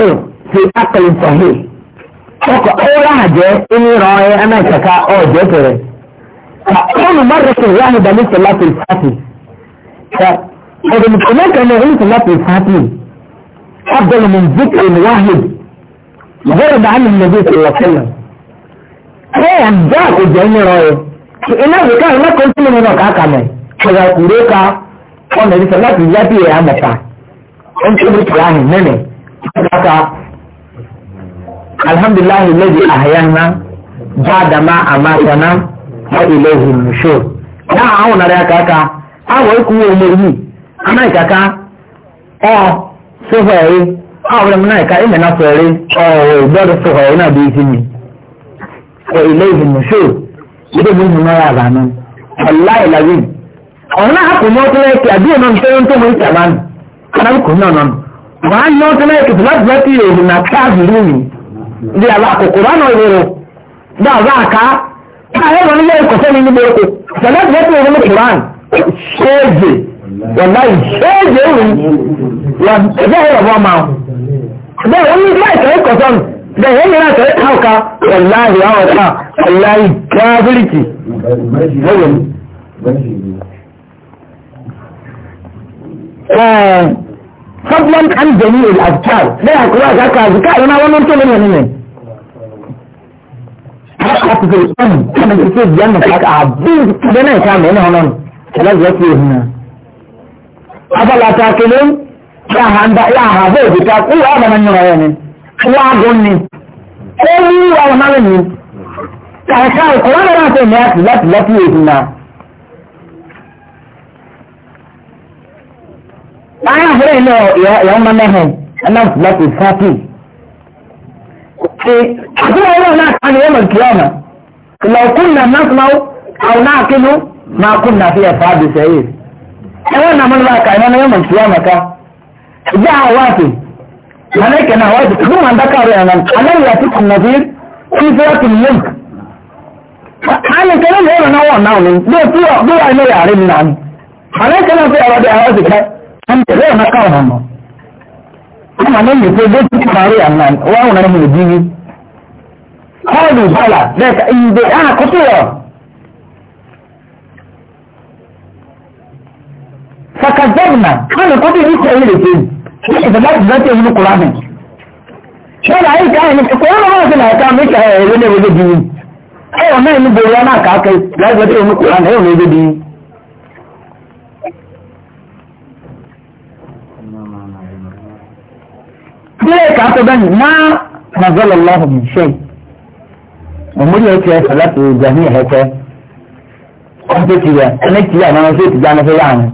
sahih fi akọlù sahih ọkọ̀ ọwọ́lá àjẹ́ inú ìran ẹ ẹ̀mẹ́ ìkẹ̀kà ọ̀jẹ́ tẹ̀rẹ̀ ọ̀nà mọ́rẹ̀kẹ̀ láàyè dàbí sọ̀láàtì fàtì ọ̀dọ̀mùkọ̀ mẹ́kẹ̀ náà ń sọ̀láàtì fàtì أفضل من ذكر واحد ورد عن النبي صلى الله عليه وسلم ايه عندك الجنة راية إنه كان لا كنت من هناك أكامل كذا كوريكا قلنا لسه لا تجاتي يا عمتا انت قلت راهي مني haka alhamdulillah alladhi ahyana ba'da ma amatana wa ilayhi nushur na àwọn na ya kaka awo ku wo mo yi ana kaka o so fa yi awo mo na ka ina na so re o do do so fa ina bi ti ni wa ilayhi nushur ido mo na ya ba na wallahi lazim ona ha ku mo to le ti abi o na so nto mo ti ba na kana ku na na wàá ná tẹ́lẹ̀ ètùtù láti fẹ́ kí èrò nà káàdì rú mi di àbá àkókò bá náà ìrò bá àbá àká káàyè wọn nílé ẹ̀kọ́ sẹ́ni níbo ẹ̀kọ́ tẹ́lẹ̀ fẹ́ kí èrò kùrán ṣéèjì wọ̀nà ìṣéèjì rú ẹgbẹ́ ẹ̀rọ bọ́ máa bẹ́ẹ̀ wọ́n ní láì tẹ́lẹ̀ kọ̀ sọ́nù bẹ́ẹ̀ wọ́n ní láì tẹ́lẹ̀ káàkà wọ̀láì àwọn ọ̀tá wọ̀láì فضلا عن جميع الأذكار لا يقرأ ذاك أذكار أنا أولا أنت من يمين حقا في الأم كما يصير جنة حقا عبدين بنا يكام هنا هنا ثلاث يكي هنا أفلا تاكلون يا هندا يا هذا بتاك هو هذا من يمين هو أغني هو هو من يمين كأشار القرآن لا تنياك لا تنياك láyé àbúrò ilé ìyàwó mọ́mọ́ ẹ̀hìn aláǹfààní fàtì. àbúrò ilé náà kan ní yọmọ kí ọmọ kìlọ̀ kúnnà náà fún àwọn náà kínú máa kúnnà fi ẹ̀fọ́ àbẹ̀sẹ̀ yìí. ẹ̀wọ̀n náà mọ́nà bá kà ẹ̀wọ̀n náà yọmọ kí ọmọ ká. ìjà àwọn àti malaika na wajibi kuma an daka ruwa nan anan ya fi kun nazir kun fira kun yin hannun kanan da yana nan wannan ne bai tura bai ne yare nan malaika na fi a wadda a wasu kai ah, tẹ̀lé ọ̀nà káwọn ọ̀nà ọmọ lẹ́yìn ìfẹ́ bó ti parí àná wọ́n wọn mú ìdí ni kọ́ọ̀lù bọ́là lẹ́ka ìdè àkótó rẹ̀ sakajẹ́gùnà kọ́ọ̀lù kọ́ọ̀lù ní sẹ́yìn lè fi ní ìfẹ́lá ìfẹ́lá tí èyí ní kura mi ṣọ́ọ̀lù àyíká ẹni kò wọ́n wọ́n fi náà ká mi kẹ́ ẹ̀rọ ní ìwé bí ni ẹ̀rọ náà ní bòrò náà kàákẹ́ láìpẹ́ tí èyí ní kura mi ẹ̀rọ ní ìwé bí ni. kílẹ̀ kàtó bẹ́ẹ̀ ni máa nàzọ́lọ̀ lọ́hùn mi ṣe òmùrí ẹ̀kẹ́ ẹ̀fọ́ láti jẹ̀mí ẹ̀kẹ́ wọ́n tó ti rẹ̀ ẹni tí àwọn ọmọ sóòtù jáde fẹ́ láàánú.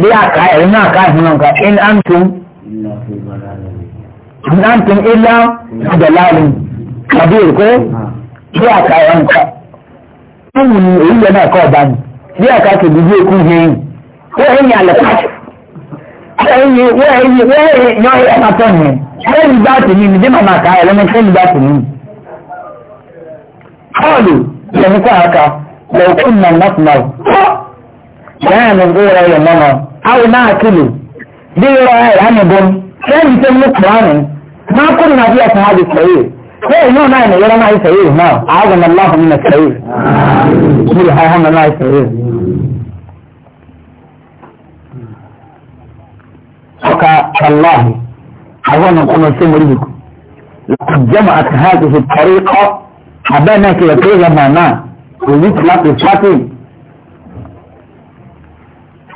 bí àká ẹ̀rí náà ká ìhun náà ká in antum in antum ilá ìdọ̀láàlú àbí èkó bí àká ẹ̀rọ nǹkan. báwo ni èyí yẹn náà kọ́ ọ̀bá ni bí àká kò dúdú èkú yẹn ó ń yàn lẹ́pàá wẹ́ẹ̀yì wẹ́ẹ̀yì wẹ́ẹ̀yì yọ ẹ̀ma tọ́ ni wẹ́ẹ̀yì bá tì mí nìdí màmá ká ẹ̀ lọ́mọ sẹ́yìn bá tì mí. Kọ́ọ̀lù yẹn kọ́ àká lọ́wọ́ kún nà nàfùnà o. Bẹ́ẹ̀ ni bí wọ́n yẹ mọ́nà àwọn náà kìlò bí wọ́n yẹ ránì bọ́m sẹ́yìn tó mú kùránì máa kún nà bí ẹ̀sán àbí sẹ́yìn. Bẹ́ẹ̀ yóò náà ní yọrọ náà sẹ́yìn náà àwọn ọmọ aláhùn náà sẹ́yìn. Bí ọka tallahi a wannan kuma sai murbiku لقد جمعت هذه الطريقة حبانا كي يطيغ معنا ويطلق الشاكل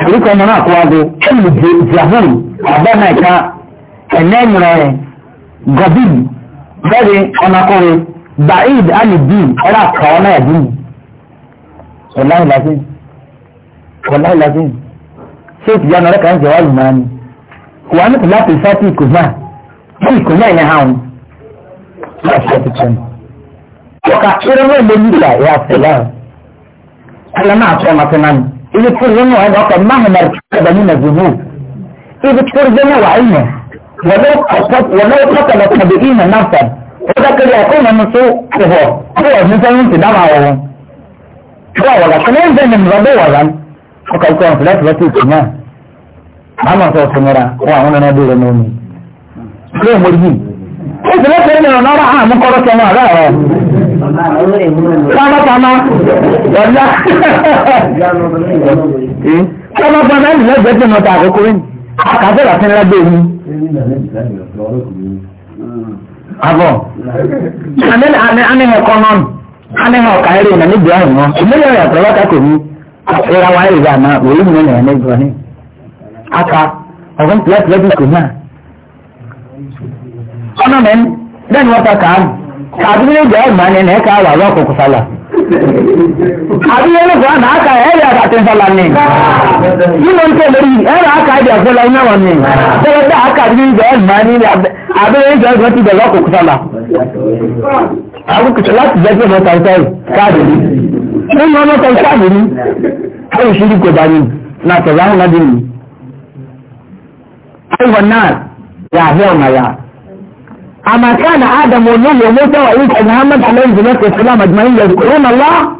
طريقة مناق واضح كل جهول حبانا كا النام رأي قبيل بذي أنا قوي بعيد عن الدين ألا كوانا دين والله العظيم والله العظيم شوف جانا لك عن جواز ماني kò wá nípa láti sáfì kò náà kí ìkò náà yẹn hàn láti ṣe tuntun. ọkà ìrẹ́wọ̀n ló ní ìlà ìyá àtẹlẹ́ ọ̀ ẹlẹ́ náà tọ́ ọmọ tó náà ibi tó rí náà ẹni ọkọ̀ máa nà ẹ̀dá nínú ẹ̀dùnú ibi tó rí náà wà ẹ̀yìn wọlé ọ̀pọ̀lọpọ̀ tàbí ìmọ̀ náà fẹ̀ ó dákẹ́lẹ́ ẹ̀kọ́ ìmọ̀ tó kọ̀ kó wọ̀ ní sẹ́yìn ti dáhà ọ̀wọ́ kó àwọ̀lá kọ́ báwọn sọ sọmọra kó àwọn nana bí wọn nínú ilé ìmọ̀lì èsì ló fẹ́ẹ́ nìyẹn lọ́rọ̀ àmú kọ́rọ́ tẹ̀mọ́ àbẹ́ ọ̀rọ̀ sábàtàmá lọ́jà sábàtàmá ẹ̀yìn lọ́jọ́ tẹ̀ nọ́ta àkókò rẹ̀ àkàtẹ́ làtẹ́ ńlá bẹ́ẹ̀ ni. àbọ̀ anihẹ̀ kọ́nọ́ anihẹ̀ ọ̀kà ẹ̀rẹ̀ ìnànìbíà ìwọ̀n ìmọ̀lẹ̀ ọ̀yà tọ́lọ́ta kò ní ìrawá ìgbà náà òun ìmọ̀lẹ̀ ẹ̀ aka ọ̀gbọ́n tìlẹ̀ tìlẹ̀ bí kò náà. ọ̀nà mẹ́rin bẹ́ẹ̀ni wọ́n ta kàá nù kàbí ní ìjọ ẹ̀gbọ́n ni ẹ̀ka wà lọ́kùnkùn sálà. àbí yẹn lóko àná aka ẹ̀rì àtàtì sálà ni. nínú ní tẹ̀lé yìí ẹ̀rọ aka ẹ̀dì ọ̀sẹ̀lá iná wọn ni. tẹ̀lé bá aka bí ìjọ ẹ̀gbọ́n ni àbí yẹn ìjọ ẹ̀gbọ́n ti bẹ̀ lọ́kùnkùn sálà. àbúkù láti jẹ́ pé mọ́tà ìtọ́ káàdì ni. nínú mọ́tà ìtọ́ أيها الناس يا هيوما يا أما كان آدم والنبي وموسى وعيسى محمد عليهم الصلاة والسلام أجمعين يذكرون الله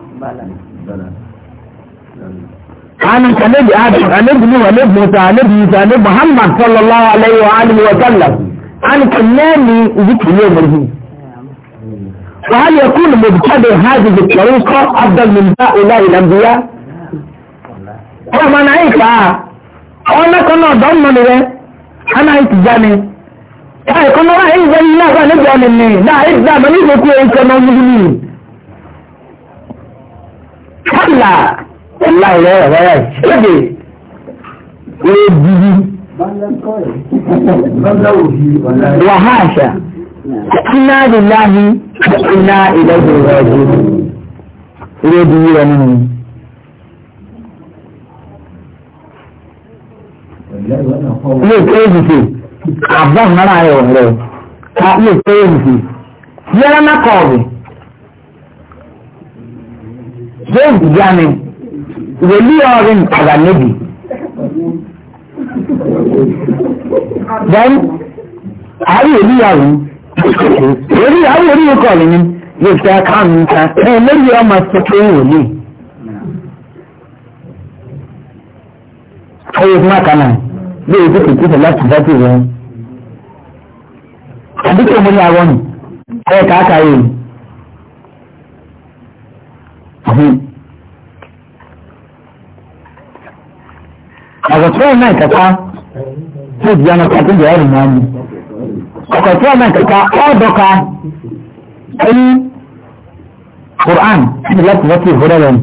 أنا كنبي آدم كنبي نوح كنبي موسى كنبي عيسى كنبي محمد صلى الله عليه وآله وسلم أنا كنامي ذكر يوم الدين وهل يكون مبتدع هذه الطريقة أفضل من هؤلاء الأنبياء؟ طبعا أنا عايز أقول لك أنا ضمن ana yi tijani kai kuma wa yi zan na ba ni gwanin ne na yi da ba ni ku yin kana mulmi kalla wallahi ya ya ya shede ne bibi wa hasha inna lillahi wa inna ilaihi raji'un ne lè tó èyí fè àbá mara ayọ̀ rẹ̀ ká lè tó èyí fè yẹ́rẹ́ mẹ́kọ̀ọ̀bì james jami wòlí ọ̀rìn àgbà méjì then àárí èlú yàrá èrí àárí èrí ikọ̀ rẹ̀ ni lè fẹ́ ká mi ẹ̀ lórí ọmọ tuntun wòlíì. Ayé fún àkànnà lórí tó kìkì sọ láti bá tèèrè wọn. àdúgbò mo ní àwọn nù ẹ káàkà yìí. àgọ̀tún náà kẹta tó di ọ̀nà kan tó di ọ̀rùn náà ni. àgọ̀tún náà kẹta ọ̀dọ́ka ẹ̀yí quran ní láti bá tèèrè wọn.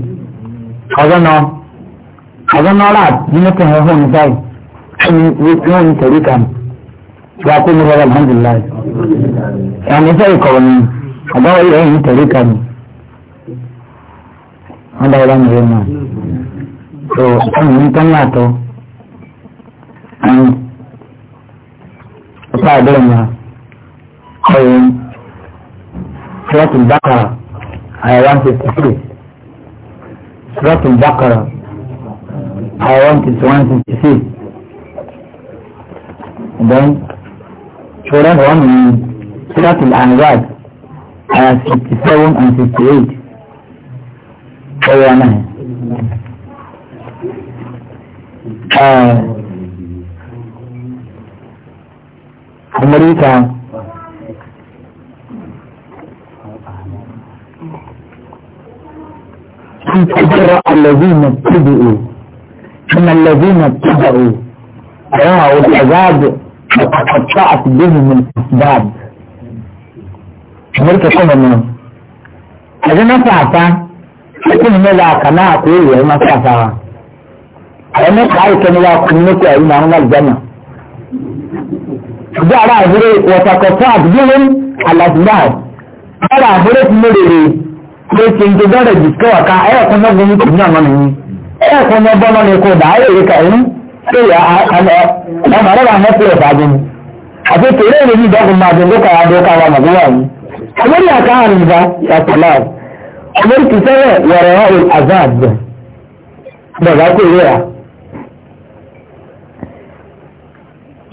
ọ̀dọ́ náà ọ̀dọ́ náà rà nínú tó ń hó ní báyìí wọn tẹ̀lé kan wà kó ní bàbá alhamdulilayi ẹni sẹ́yìn kọ̀ ni àbáwọ̀ yìí ẹ̀yìn tẹ̀lé kan wọn dáwọ́ láwọn ìwé náà so ẹni ní tán láàtọ̀ ẹni ọ̀pá àdéhùn náà ọ̀yẹ́ sọ́ọ̀tù bákàrà àyà one fifty three sọ́ọ̀tù bákàrà àyà one fifty one fifty don shoran wa mu suratul anwar ayat 67 and 68 kowa أمريكا أن تبرأ الذين اتبعوا من الذين اتبعوا رأوا العذاب وتقطعت بهم الأسباب kamar ka kuma nan kaji na fata cikin mila kana a koyi yayi masu kasawa a yi maka aiki ne ya kunne ku a yi na hangar jana da ara hure wata kota a biyun alasdar ara hure kuma rere ko cin gidan da jiskawa ka a yi kuma gumi kuma nan wani yi a yi kuma bama ne ko da a yi ka yi kéèyà ọmọ ọlọ́wà mẹ́fì ọ̀fà bí mi àti tèrè èrè ní ìdọ́kùn máa dùn lókà àdó káwa màgbéwà mi àgbẹ̀rẹ̀ àkáhàn nìgbà yàtọ̀lá àgbẹ̀rẹ̀ kì sẹ́wẹ̀ wọ̀rọ̀ ọ̀hún azad bẹ̀rẹ̀ kó ìwé rà.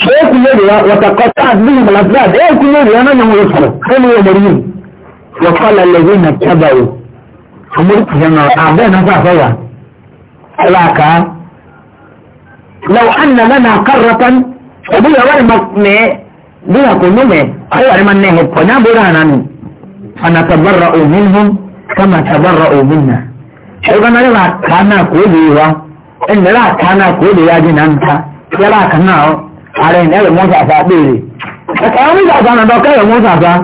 ṣé kú lórí wa wọ̀tàkọ́tà bí mi mọ̀lá fúlá ẹ̀ kú lórí wa náà mo sọ̀rọ̀ fún mi wọ̀ mọ̀rí mi wọ̀kọ́lá lẹ́yìn nà tábàwò àmúrùkù لو أن لنا قرة أبي أول مقمع بلا كنومة أي أرمان نهب قنا برانا فنتبرأ منهم كما تبرأوا منا شيئا لا كان كوليوا إن لا كان كوليوا جنانتا يلا كناو على إن أول موسى فأبيري فكأو موسى فأنا يا موسى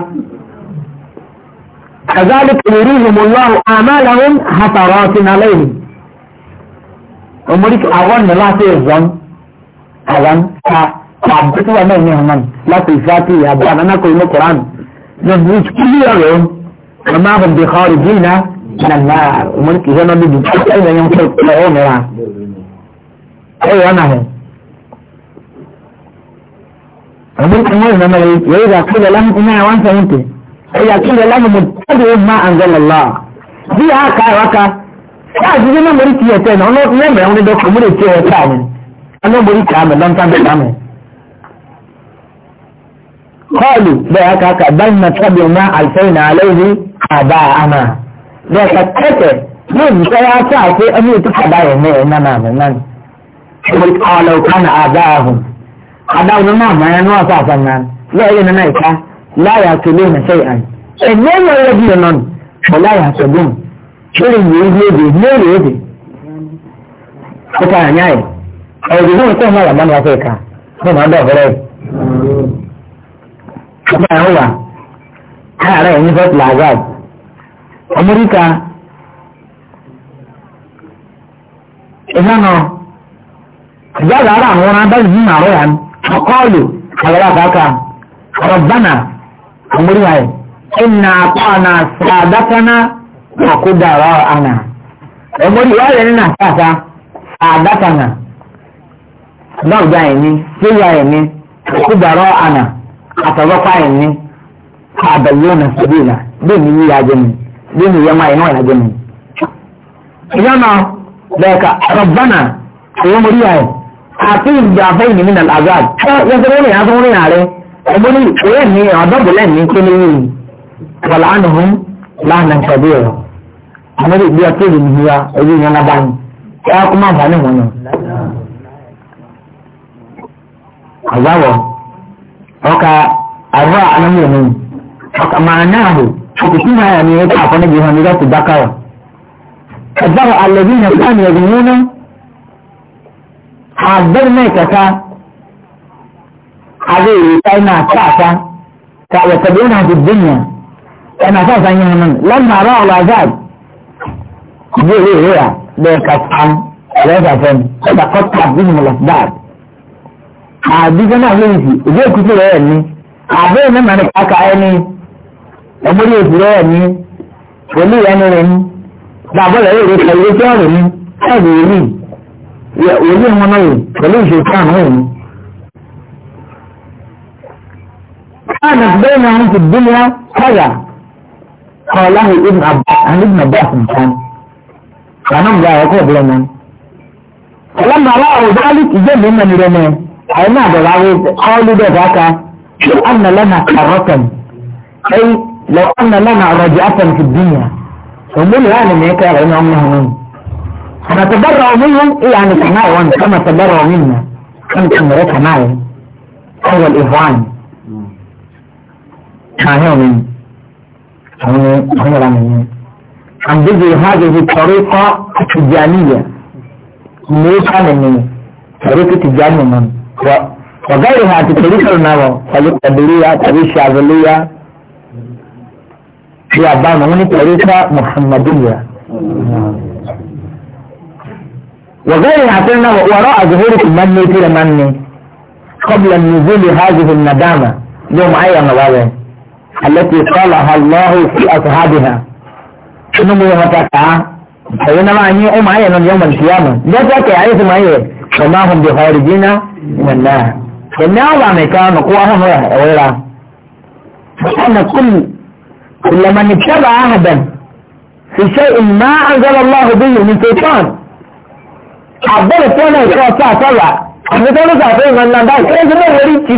كذلك يريهم الله أعمالهم حسرات عليهم omori àwọn ní láti ẹ̀zọ́n àwọn ká àbúkú wa náà ní ọ̀nà láti ìfàtí àbú ànánákò inú koran ní bíríkì kúlí ọ̀rọ̀ ọmọ àwọn bí kọ́ rí bíi náà nàlá omori kìí sọ́nà bíbí kí ẹ̀ ẹ̀ yẹn fún ẹ̀ ọ̀ mìíràn ẹ̀ yọ̀ náà hẹ̀. omori kìí wọ́n ìnáwó yìí yóò yà kílẹ̀ lámù iná ẹ̀ wọ́n sẹ́yìn tẹ̀ ẹ̀ yà kílẹ̀ lámù mọ̀ tẹ́lẹ̀ máa àǹzọ́lọ́lá bí káàdì ní mọ̀mọ́rí ti ẹ̀tẹ́ náà ọ̀nà mẹ́mẹ́ ọ̀nà dọ́kọ̀ mọ́rí ti ẹ̀ káàmì ọ̀nà mọ̀rí káàmì lọ́ntàmì káàmì. kọ́ọ̀lù bẹ́ẹ̀ kàkà báyìí na tábì ọ̀nà àlùfẹ́yìn àlẹ́yìn àbá àmà bẹ́ẹ̀ kà tẹ́tẹ̀ yóò ní sọ́yà àti àti ẹni ètò kàdá yẹn náà ẹ̀ná náà mẹ́ náà. mọ̀rí kọ́ọ̀lù kánà àbá ahùn adáwọn náà mọ̀ọ́yá náà sàfà náà lọ́ọ̀yẹ́ náà ìka láyà tó shirin ya yi lebe lebe yake kuka hanya yi a yi zuwa kwan mara man wasu ka ko ma da fure kuka yan wa ta ara yanyi first lagos amurka ina no za ga ara àwọn adájú nínú àárọ̀ yà ní ọkọ́ọ̀lù àgbàlá kàkà ọ̀rọ̀ bánà amurka yìí ina na sàdákaná na kudara ana ẹmọdé wà lẹni na kàtà àdàtànà náà ẹni sílùwà ẹni kudara ana àtọ̀rọ̀pá ẹni àbẹ̀yẹ na sàbílà bẹ́ẹ̀ ni yíyá jẹ mi bẹ́ẹ̀ ni yẹmọ ẹ̀nà ọ̀yà jẹ mi. ìyáná lẹ́ka rọ̀bánà ẹ̀yọ́ mọ̀rí ayẹ àti ìgbàfẹ́ ìnìmí nà azad ẹ yẹn tó lórí yàtọ̀ lórí yàrá ẹmọdé ìwé ni ọ̀dọ́bùlẹ̀ ní kíni yìí wàlá ànàhùn láàánà kàbíyà àmọ́lé ìgbé ọtí ìlú nìyà ẹ̀yẹ ìyẹn náà bá ní ẹ̀ kó má bàa ní wọn náà. àgbàwọ̀ ọkà àrùn ànámú ẹ̀mí ọkà màá náà hù òkùnkùn náà yà ní ẹ̀ kó àfọ́nà ìgbé hàn ní lọ́kù bákàrọ̀. ẹ̀dáwọ̀ àlẹ́bí ní sáàmì ẹ̀gbìn wọn náà àgbẹ̀rẹ̀ náà kẹta àbẹ̀ èrè táyì náà káàká kà wọ̀tẹ̀bí náà ti dín yàn ẹ̀ náà sáà yẹn náà lọ́nà àrọ̀ ọ̀làzáàbì ìdí òwe ìwé à bẹ́ẹ̀ ka pan ẹ̀rẹ́dà fẹ́mi ẹ̀dà kọ́tà nínú mọ̀lọ́sídàd. àdìgbò náà lóyún sí ìdí èkúté rẹ̀ ẹ̀ ní àbẹ́rẹ́ mẹ́ma ní káka ẹ̀ ní ẹ̀mọ́rí èsì rẹ̀ ẹ̀ ní pẹ̀lú ìyẹn rẹ̀ ní dàbọ̀ rẹ̀ rẹ̀ kẹ̀ ìwé tẹ́ rẹ̀ ní ẹ̀rù èyí òye wọn náà pẹ̀lú ìṣèkí àwọn òní. كانت بينهم في الدنيا كذا قاله ابن عباس عن ابن عباس كان kanan ga ya ko bulan nan kalan ma la o zaliki je mun nan rene ai na da rawo qawlu da baka in anna lana qaratan ai law anna lana raj'atan fi dunya ومن يعني ما يكره إن أمهم فنتبرأ منهم يعني كنائي كما تبرأوا منا كم تمرت معي هو الإخوان ما هو من هم هم رامين عن جزء هذه الطريقة التجانية ليش عن من طريقة تجانية من وغيرها الطريقة النوى طريقة قبلية طريقة شعبلية في عبارة من طريقة محمدية وغيرها قلنا وراء ظهور المني في المني قبل النزول هذه الندامة يوم عين التي قالها الله في أصحابها inú mi wọn ta kàá ẹ̀yin náà máa yín ó máa yẹn lọ́nà yọmọ ìṣìyàmù jẹ́sẹ̀ kẹ̀ ayé ti máa yẹ ọ̀nà ahùn bí ọ̀rẹ́ jí ná nìyẹnà ẹ̀mí àwọn nìkan nù kó ahùn rẹ̀ ẹ̀wẹ́ra. أن كل لمن اتبع عهدا في شيء ما أنزل الله به من سلطان àbẹ̀rẹ̀ tí wọ́n náà ṣe ọ̀sán àtọ́là àti tó ń sàfihàn náà dáa kí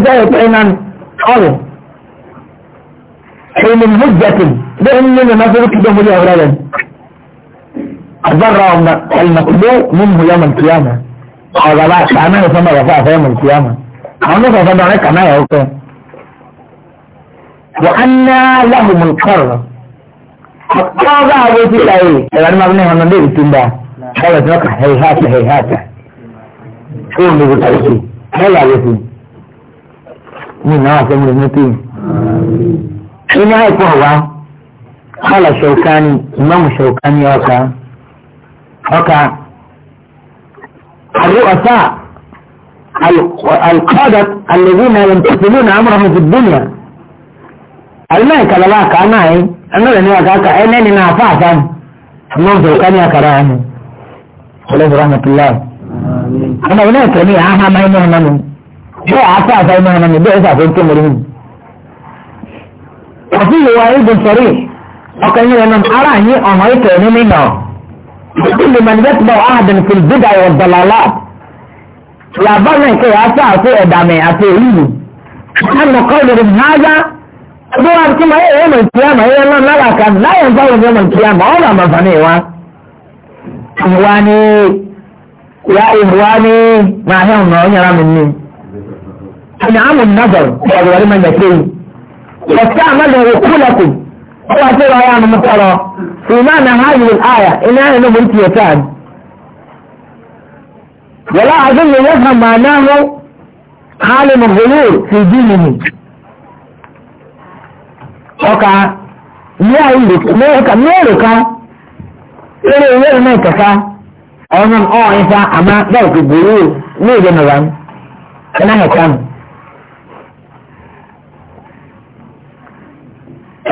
ẹ حين من هجة لأننا ما فيك دم لي أولادا أضرهم المقلوب منه يوم القيامة هذا لا كأنه فما رفع في يوم القيامة أنا فسمى لك أنا أوكي وأنا لهم القرة حتى ذهبوا في الأي يعني ما بنيها من دير التنباع قالت لك هيهاتة هيهاتة شو اللي بتعيشي هلا يا من ناس عاصم المتين آمين ina haifuwa kala shaukani imamu shaukani waka waka الرؤساء القادة الذين يمتثلون أمرهم في الدنيا الملك لباك أناي أنا لن يوكاك أنني نافعتا منذ كان يكراني عليه رحمة الله أنا هناك لي أها ما يمهنني شو عفاتا يمهنني بئسا فانتم لهم وفيه وعيد صريح وكان لمن أراني أمرت منه كل من يتبع عهدا في البدع والضلالات لابد كي أسعى في أدامي أتيه أن قولهم هذا أدوار كما هي يوم القيامة هي الله ملكا لا ينظر يوم القيامة ولا مفنيوة إخواني يا إخواني ما هي النوع يرى مني أنعم النظر يا ولي من يكيه واستعمل عقولكم هو أتير أيام المطرة في معنى هذه الآية إن أنا نبنت يتان ولا أظن يفهم معناه عالم الغيور في دينه ọkà ní àìlèkà mẹ́rẹ̀ká eré ìwé ìmọ̀ ìkẹta ọ̀nà ọ̀hún ìfà àmà bẹ́ẹ̀ kò gbòòrò ní ìdẹ́nà rán ẹ̀nà ẹ̀ka nù.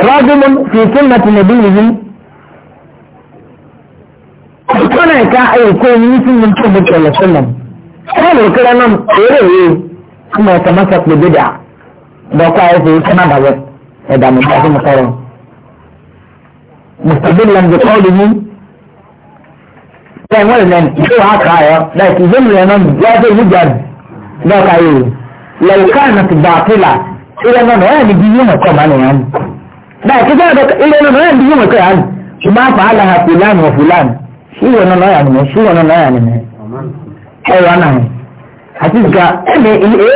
راجل في سنة نبيه كان كأي كل مثل من صلى الله عليه وسلم قال الكلام إيه ثم يتمسك ببدع بقى في كما بقى هذا من هذا مقارن مستدلا بقوله كان ولد شو يا، لكن ذمي أنا جاد مجد بقى لو كانت باطلة إذا أنا يعني دينا كمان يعني da ki ga da ile na nan biyu maka an shi ma fa ala fulan wa fulan shi wannan laya ne shi wannan laya ne ai wannan hakika ne eh